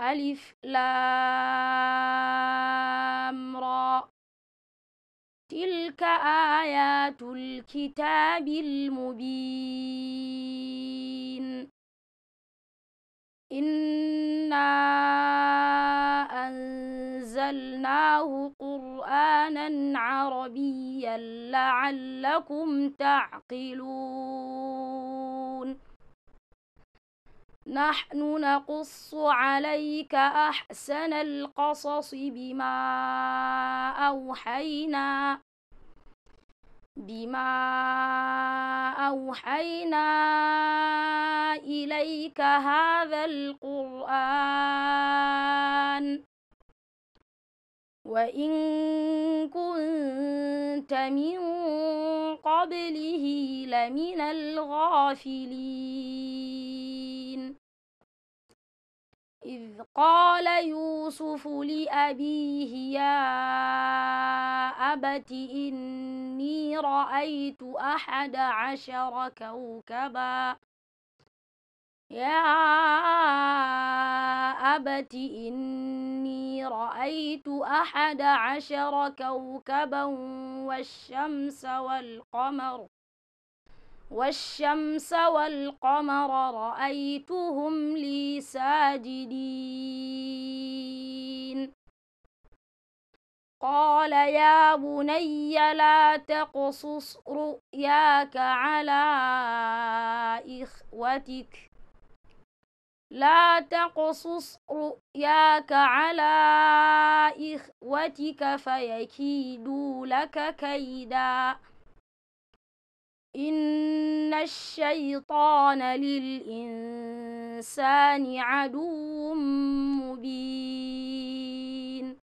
ألف لام را تلك آيات الكتاب المبين إنا أنزلناه قرآنا عربيا لعلكم تعقلون نحن نقص عليك أحسن القصص بما أوحينا بما أوحينا إليك هذا القرآن وإن كنت من قبله لمن الغافلين إذ قال يوسف لأبيه يا أبت إني رأيت أحد عشر كوكبا يا أبت إني رأيت أحد عشر كوكبا والشمس والقمر والشمس والقمر رأيتهم لي ساجدين قال يا بني لا تقصص رؤياك على إخوتك لا تقصص رؤياك على إخوتك فيكيدوا لك كيداً إن الشيطان للإنسان عدو مبين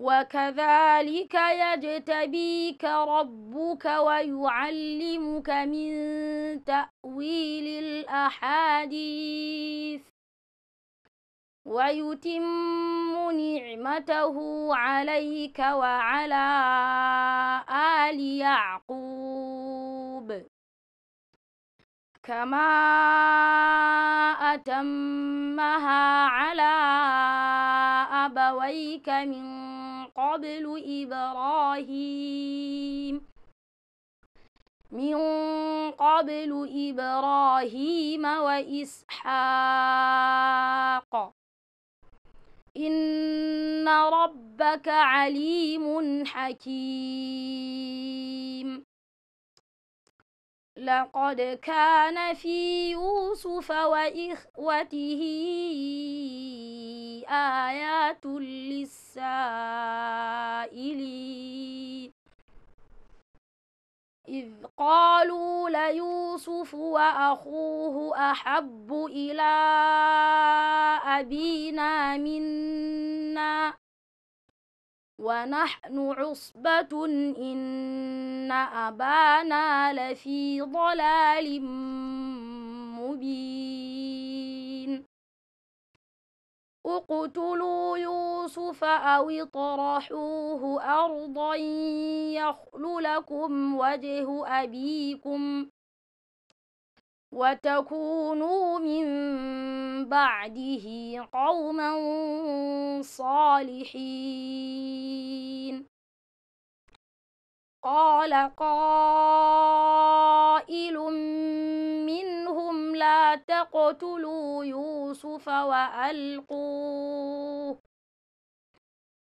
وكذلك يجتبيك ربك ويعلمك من تأويل الأحاديث ويتم نعمته عليك وعلى آل يعقوب كما أتمها على أبويك من قبل إبراهيم من قبل إبراهيم وإسحاق إن ربك عليم حكيم لقد كان في يوسف وإخوته آيات للسائلين إذ قالوا ليوسف وأخوه أحب إلى أبينا منا ونحن عصبة إن أبانا لفي ضلال مبين اقتلوا يوسف أو اطرحوه أرضا يخل لكم وجه أبيكم وتكونوا من بعده قوما صالحين قال قائل منهم لا تقتلوا يوسف وألقوه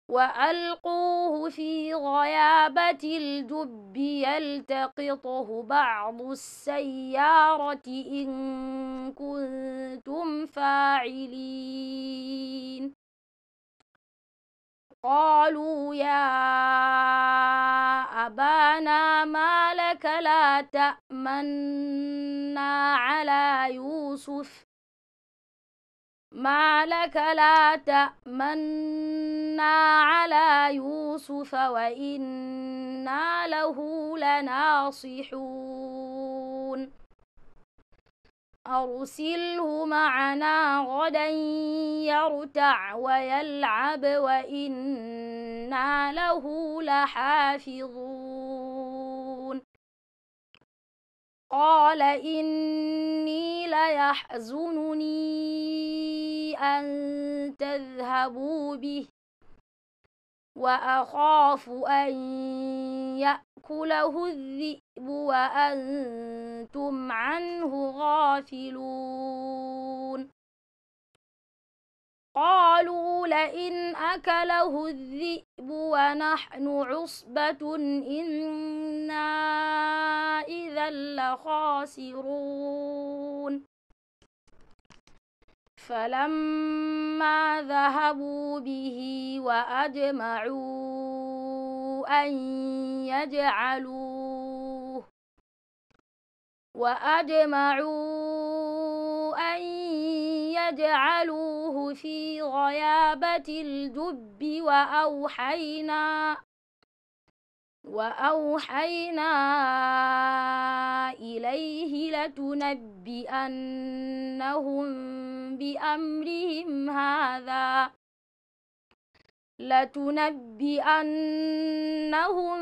وألقوه في غيابة الجب يلتقطه بعض السيارة إن كنتم فاعلين قالوا يا أبانا ما لك لا تأمنا على يوسف ما لك لا تأمنا على يوسف وإنا له لناصحون أرسله معنا غدا يرتع ويلعب وإنا له لحافظون قال إني ليحزنني أن تذهبوا به وأخاف أن يأتي يأكله الذئب وأنتم عنه غافلون قالوا لئن أكله الذئب ونحن عصبة إنا إذا لخاسرون فلما ذهبوا به وأجمعون أن يجعلوه وأجمعوا أن يجعلوه في غيابة الجب وأوحينا وأوحينا إليه لتنبئنهم بأمرهم هذا لتنبئنهم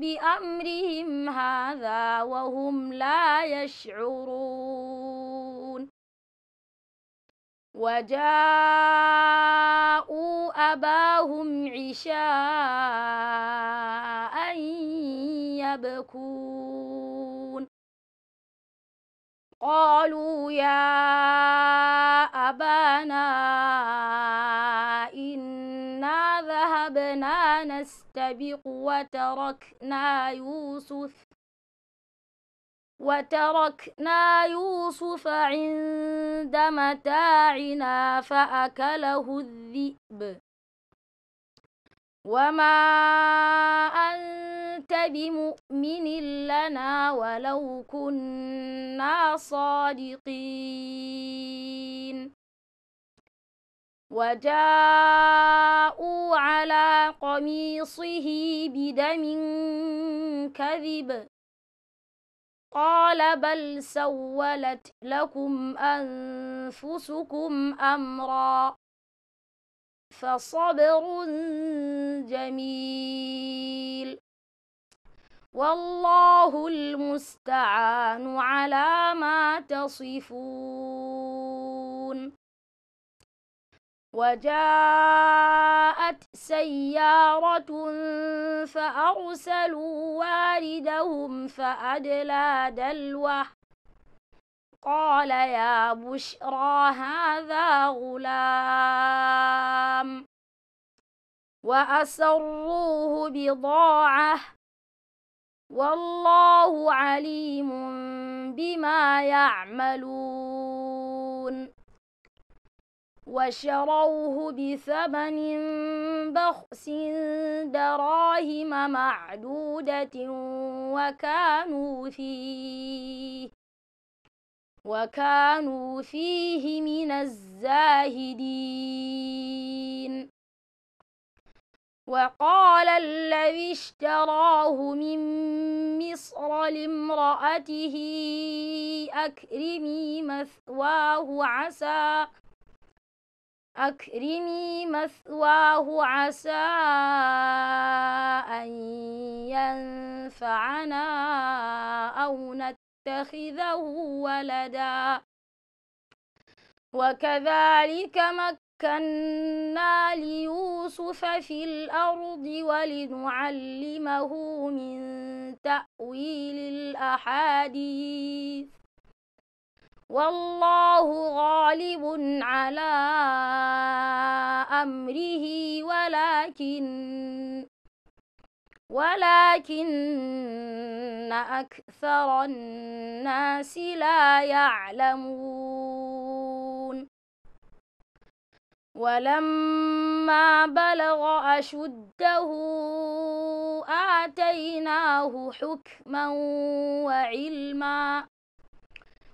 بأمرهم هذا وهم لا يشعرون وجاءوا أباهم عشاء يبكون قالوا يا أبانا ذهبنا نستبق وتركنا يوسف وتركنا يوسف عند متاعنا فأكله الذئب وما أنت بمؤمن لنا ولو كنا صادقين وجاءوا على قميصه بدم كذب قال بل سولت لكم أنفسكم أمرا فصبر جميل والله المستعان على ما تصفون وجاءت سيارة فأرسلوا واردهم فأدلى دلوه قال يا بشرى هذا غلام وأسروه بضاعة والله عليم بما يعملون وشروه بثمن بخس دراهم معدودة وكانوا فيه وكانوا فيه من الزاهدين وقال الذي اشتراه من مصر لامرأته أكرمي مثواه عسى أكرمي مثواه عسى أن ينفعنا أو نتخذه ولدا وكذلك مكنا ليوسف في الأرض ولنعلمه من تأويل الأحاديث والله غالب على أمره ولكن ولكن أكثر الناس لا يعلمون ولما بلغ أشده آتيناه حكما وعلما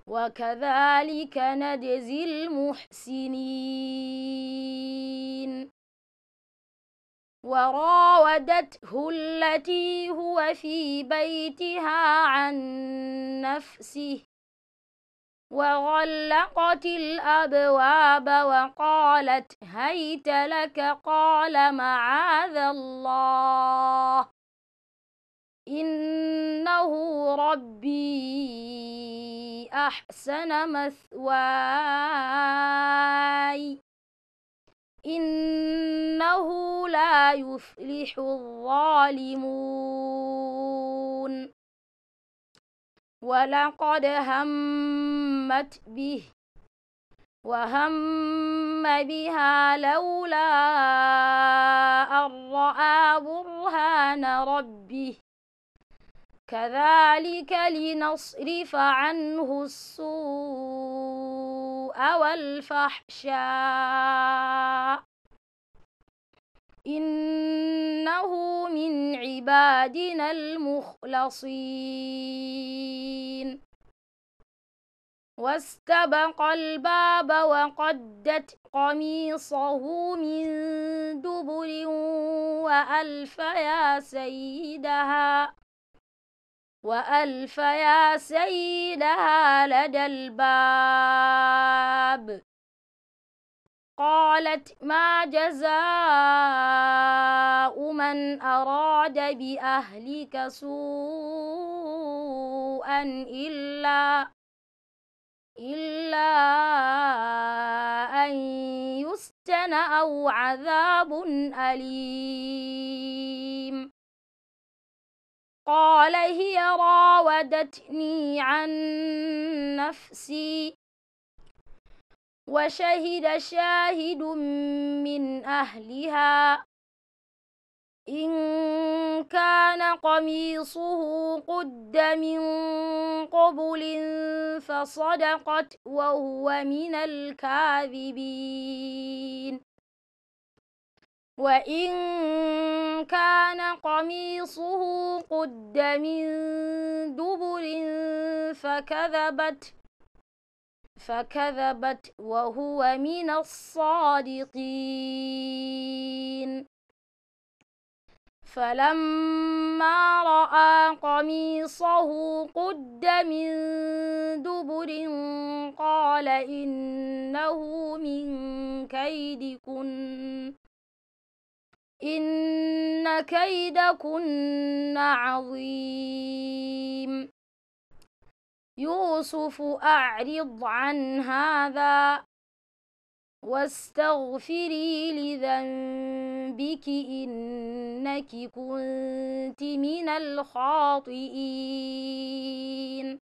وكذلك نجزي المحسنين وراودته التي هو في بيتها عن نفسه وغلقت الأبواب وقالت هيت لك قال معاذ الله إنه ربي أحسن مثواي إنه لا يفلح الظالمون ولقد همت به وهم بها لولا أن رأى برهان ربه كذلك لنصرف عنه السوء والفحشاء إنه من عبادنا المخلصين واستبق الباب وقدت قميصه من دبر وألف يا سيدها وألف يا سيدها لدى الباب قالت ما جزاء من أراد بأهلك سوءا إلا إلا أن يسجن أو عذاب أليم قال هي راودتني عن نفسي وشهد شاهد من أهلها إن كان قميصه قد من قبل فصدقت وهو من الكاذبين وإن كان قميصه قد من دبر فكذبت فكذبت وهو من الصادقين فلما رأى قميصه قد من دبر قال إنه من كيدكن إن كيدكن عظيم يوسف أعرض عن هذا واستغفري لذنبك إنك كنت من الخاطئين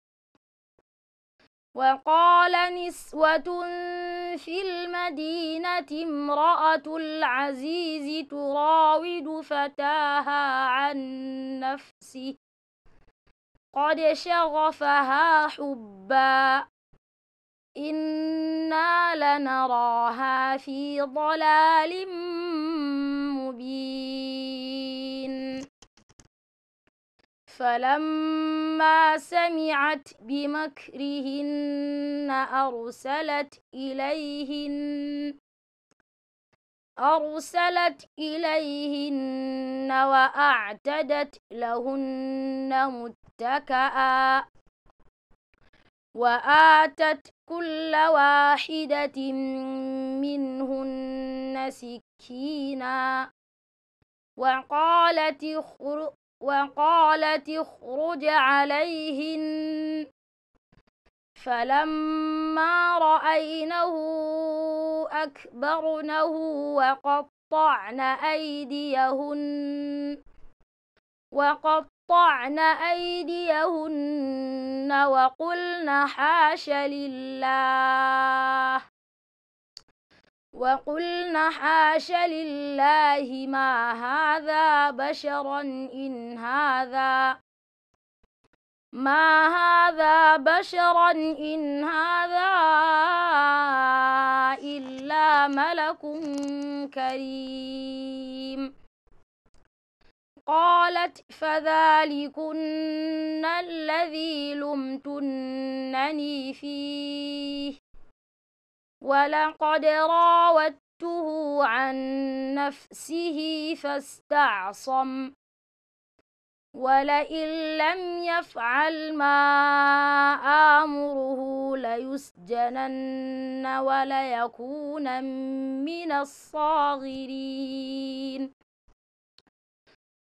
وقال نسوة في المدينة امرأة العزيز تراود فتاها عن نفسه قد شغفها حبا إنا لنراها في ضلال مبين فلما لما سمعت بمكرهن أرسلت إليهن أرسلت إليهن وأعتدت لهن متكأ وآتت كل واحدة منهن سكينا وقالت اخرج وقالت اخرج عليهن فلما رأينه أكبرنه وقطعن أيديهن وقطعن أيديهن وقلن حاش لله وقلنا حاش لله ما هذا بشرا إن هذا ما هذا بشرا إن هذا إلا ملك كريم قالت فذلكن الذي لمتنني فيه ولقد راودته عن نفسه فاستعصم ولئن لم يفعل ما آمره ليسجنن وليكونن من الصاغرين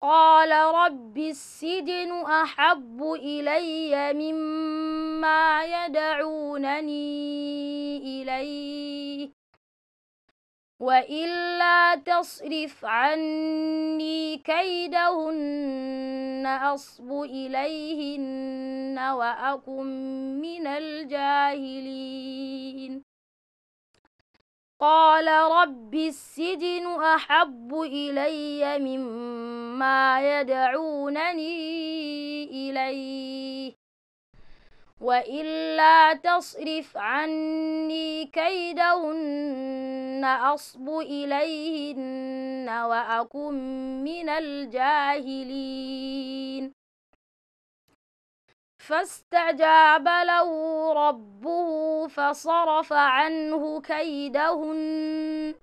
قال رب السجن أحب إلي مما يدعونني إليه وإلا تصرف عني كيدهن أصب إليهن وأكن من الجاهلين قال رب السجن أحب إلي مما يدعونني إليه وإلا تصرف عني كيدهن أصب إليهن وأكن من الجاهلين فاستجاب له ربه فصرف عنه كيدهن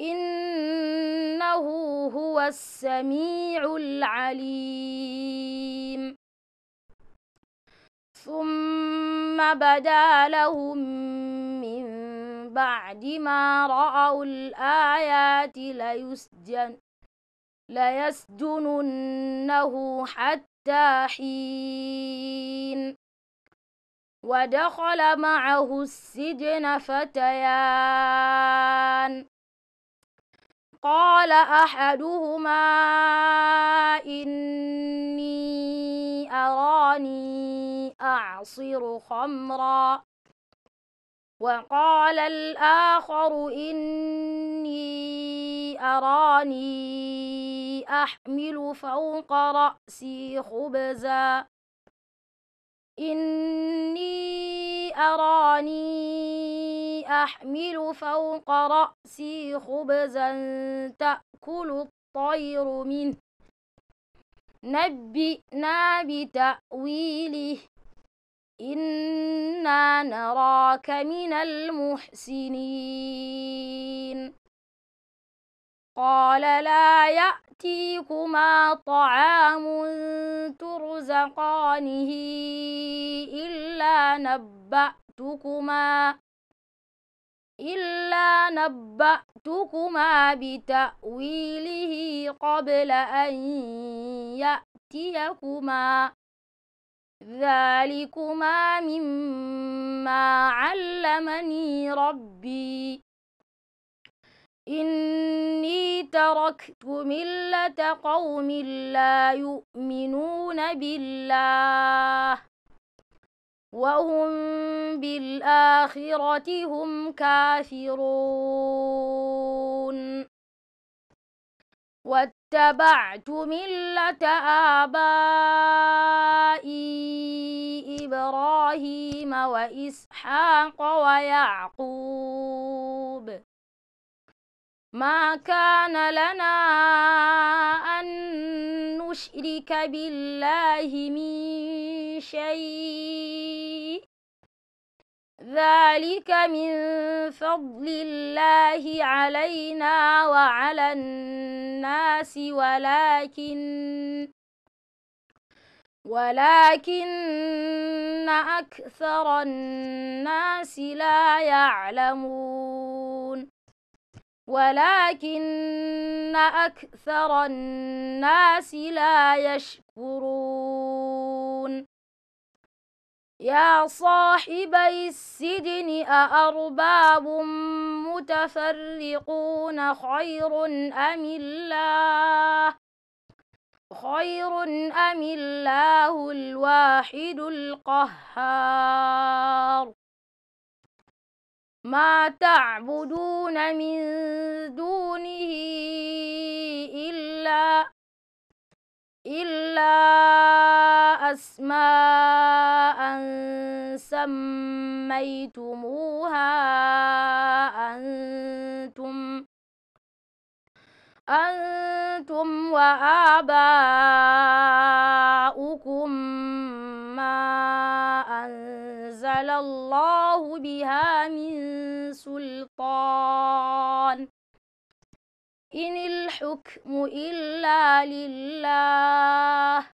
إنه هو السميع العليم ثم بدا لهم من بعد ما رأوا الآيات ليسجن ليسجننه حتى حتى ودخل معه السجن فتيان قال احدهما اني اراني اعصر خمرا وقال الآخر إني أراني أحمل فوق رأسي خبزا إني أراني أحمل فوق رأسي خبزا تأكل الطير منه نبئنا بتأويله إنا نراك من المحسنين قال لا يأتيكما طعام ترزقانه إلا نبأتكما إلا نبأتكما بتأويله قبل أن يأتيكما ذلكما مما علمني ربي إني تركت ملة قوم لا يؤمنون بالله وهم بالآخرة هم كافرون اتبعت ملة آبائي إبراهيم وإسحاق ويعقوب ما كان لنا أن نشرك بالله من شيء ذلك من فضل الله علينا وعلى الناس ولكن ولكن أكثر الناس لا يعلمون ولكن أكثر الناس لا يشكرون يا صاحبي السجن أأرباب متفرقون خير أم الله خير أم الله الواحد القهار ما تعبدون من دونه إلا إلا أسماء سميتموها أنتم أنتم وآباؤكم ما أنزل الله بها من سلطان إن الحكم إلا لله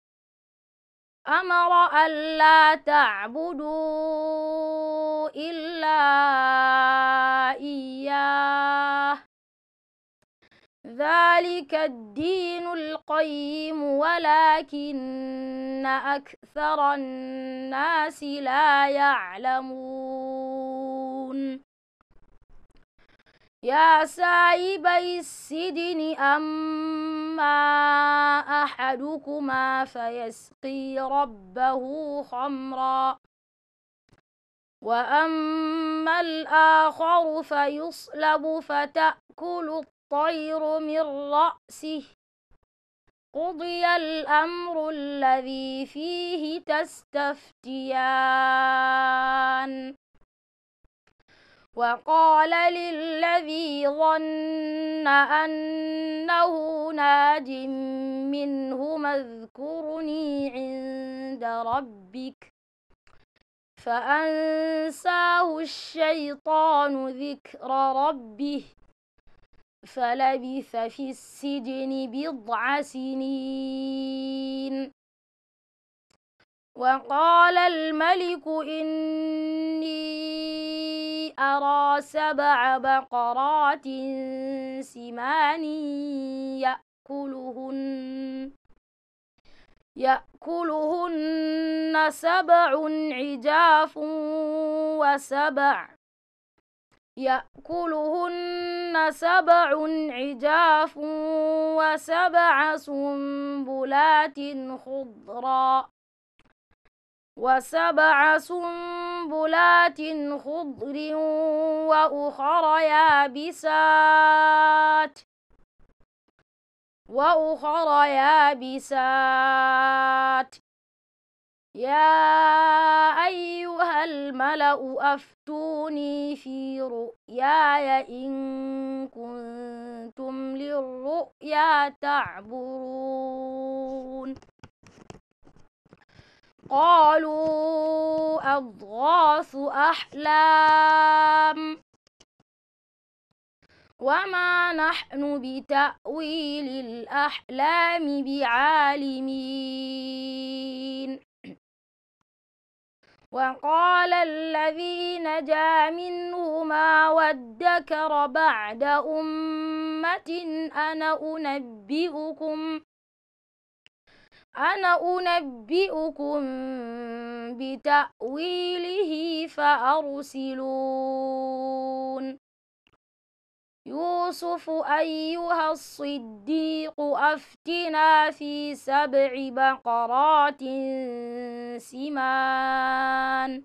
أمر ألا تعبدوا إلا إياه ذلك الدين القيم ولكن أكثر الناس لا يعلمون يا سايبي السدن أما أحدكما فيسقي ربه خمرا وأما الآخر فيصلب فتأكل الطير من رأسه قضي الأمر الذي فيه تستفتيان وقال للذي ظن أنه ناج منهما اذكرني عند ربك فأنساه الشيطان ذكر ربه فلبث في السجن بضع سنين وقال الملك إني أرى سبع بقرات سمان يأكلهن يأكلهن سبع عجاف وسبع يأكلهن سبع عجاف وسبع سنبلات خضرا وسبع سنبلات خضر وأخر يابسات وأخر يابسات يا أيها الملأ أفتوني في رؤياي إن كنتم للرؤيا تعبرون قالوا أضغاث أحلام وما نحن بتأويل الأحلام بعالمين وقال الذي نجا منهما وادكر بعد أمة أنا أنبئكم أنا أنبئكم بتأويله فأرسلون يوسف أيها الصديق أفتنا في سبع بقرات سمان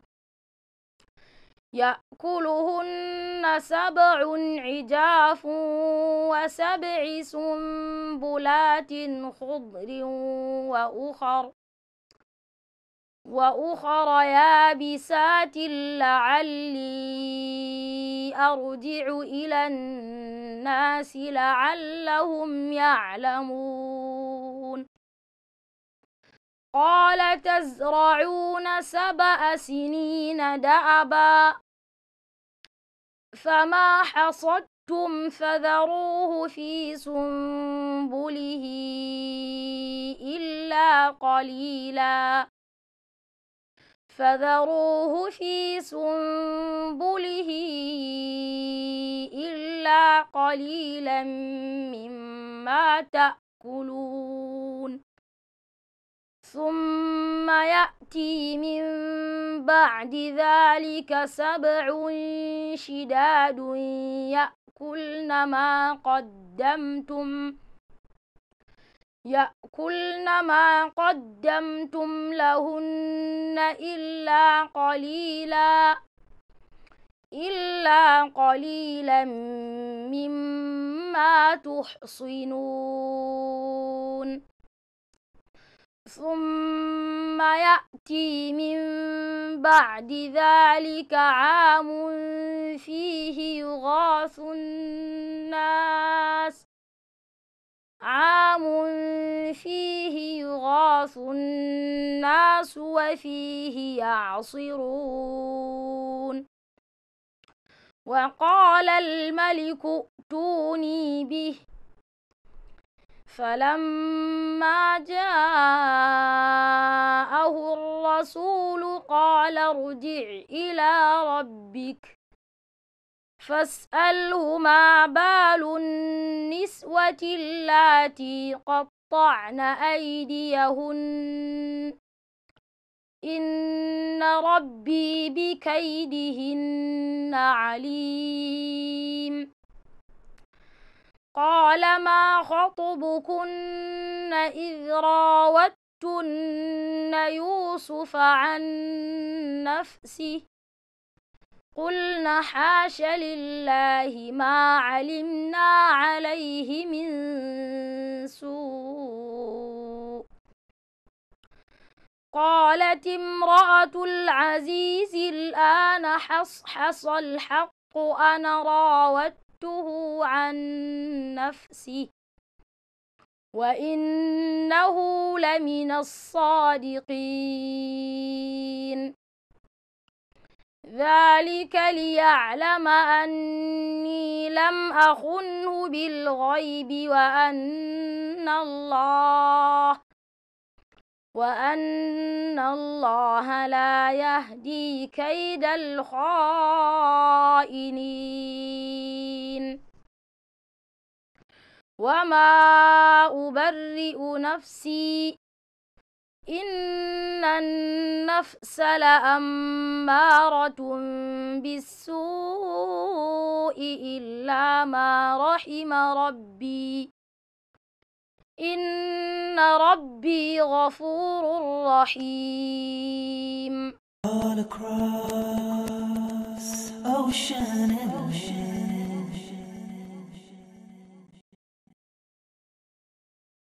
يأكلهن سبع عجاف وسبع سنبلات خضر وأخر وأخر يابسات لعلي أرجع إلى الناس لعلهم يعلمون قال تزرعون سبع سنين دأبا فما حصدتم فذروه في سنبله إلا قليلا فذروه في سنبله إلا قليلا مما تأكلون ثم يأتي من بعد ذلك سبع شداد يأكلن ما قدمتم يأكلن ما قدمتم لهن إلا قليلا إلا قليلا مما تحصنون ثم يأتي من بعد ذلك عام فيه يغاث الناس عام فيه يغاث الناس وفيه يعصرون وقال الملك ائتوني به فلما جاءه الرسول قال ارجع إلى ربك فاسأله ما بال النسوة اللاتي قطعن أيديهن إن ربي بكيدهن عليم قال ما خطبكن إذ راوتن يوسف عن نفسه قلنا حاش لله ما علمنا عليه من سوء قالت امرأة العزيز الآن حصحص الحق أنا راوت فصدته عن نفسي وإنه لمن الصادقين ذلك ليعلم أني لم أخنه بالغيب وأن الله وأن الله لا يهدي كيد الخائنين وما أبرئ نفسي إن النفس لأمارة بالسوء إلا ما رحم ربي إن ربي غفور رحيم All across ocean and ocean